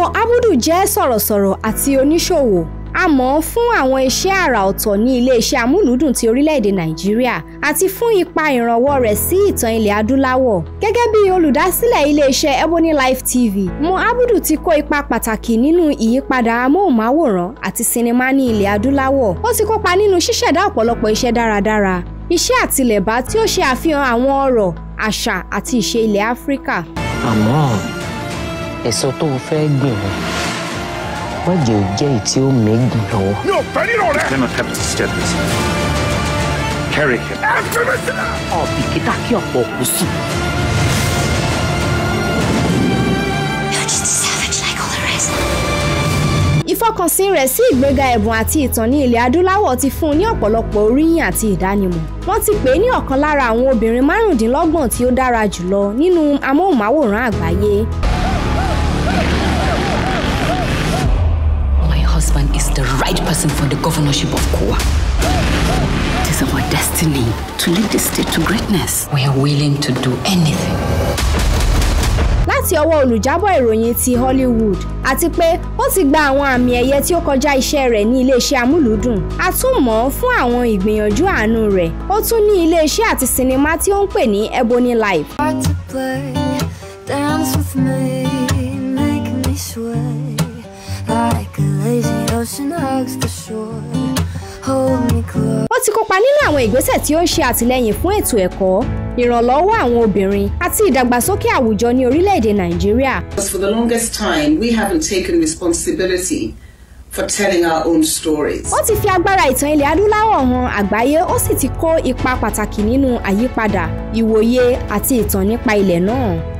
Màmá Abudu jẹ́ sọ̀rọ̀sọ̀rọ̀ àti oníṣòwò a mọ̀ ọ́n fún àwọn iṣẹ́ àrà ọ̀tọ̀ ní ilé-iṣẹ́ amúlùúdùn ti orílẹ̀-èdè Nàìjíríà àti fún ipa ìrànwọ́ rẹ̀ sí ìtàn ilẹ̀ adúláwọ̀. Gẹ́gẹ́ bí olùdásílẹ̀ ilé-iṣẹ́ Ebony Life TV Mo Abudu ti kó ipa pàtàkì nínú ìyípadà amóhùnmáwòrán àti sinimá ní ilẹ̀ adúláwọ̀ ó ti kópa nínú ṣíṣẹ̀dá ọ̀pọ̀lọpọ̀ iṣẹ́ dáradára iṣẹ́ àtilẹ̀bá tí ó ṣe àfihàn àwọn ọ̀rọ̀ àṣà àti ìṣe ilẹ̀ Áfíríkà. àmọ́ èso tó o fẹ́ gbìn ni wọ́n jẹ́ ò jẹ́ èyí tí ó mẹ́gùn lọ́wọ́. mi ò fẹ́ nínú rẹ. cannot have this justice. carry him. ẹ fi mi sílẹ̀. ọ̀bìkítà kí ọ̀pọ̀ kù sí. ìfọkànsìn rẹ̀ sí ìgbéga ẹ̀bùn àti ìtàn ní ilẹ̀ adúláwọ̀ ti fún un ní ọ̀pọ̀lọpọ̀ oríyìn àti ìdánimọ̀. wọ́n ti pè é ní ọ̀kan lára àwọn obìnrin márùndínlọ́gbọ̀n tí ó dára jùlọ nínú amóhùnmáwòrán àgbáyé. canvassing for the governorship of Kua. It is our destiny to lead the state to greatness. We are willing to do anything. láti ọwọ́ olùjábọ̀ ìròyìn ti Hollywood àti pé ó ti gba àwọn àmì ẹ̀yẹ tí ó kọjá iṣẹ́ rẹ̀ ní iléeṣẹ́ amúlùúdùn a tún mọ̀ ọ́ fún àwọn ìgbìyànjú àánú rẹ̀ ó tún ní iléeṣẹ́ àti sinimá tí ó ń pè ní Ebony Life. ó ti kópa nínú àwọn ìgbésẹ̀ tí ó ń ṣe àtìlẹ́yìn fún ètò ẹ̀kọ́ ìrànlọ́wọ́ àwọn obìnrin àti ìdàgbàsókè àwùjọ ní orílẹ̀-èdè Nàìjíríà. Because for the longest time we haven't taken responsibility for telling our own stories. Ó ti fi agbára ìtàn ilẹ̀ adúláwọ̀ hàn àgbáyé ó sì ti kó ipa pàtàkì nínú àyípadà ìwòye àti ìtàn nípa ilẹ̀ náà.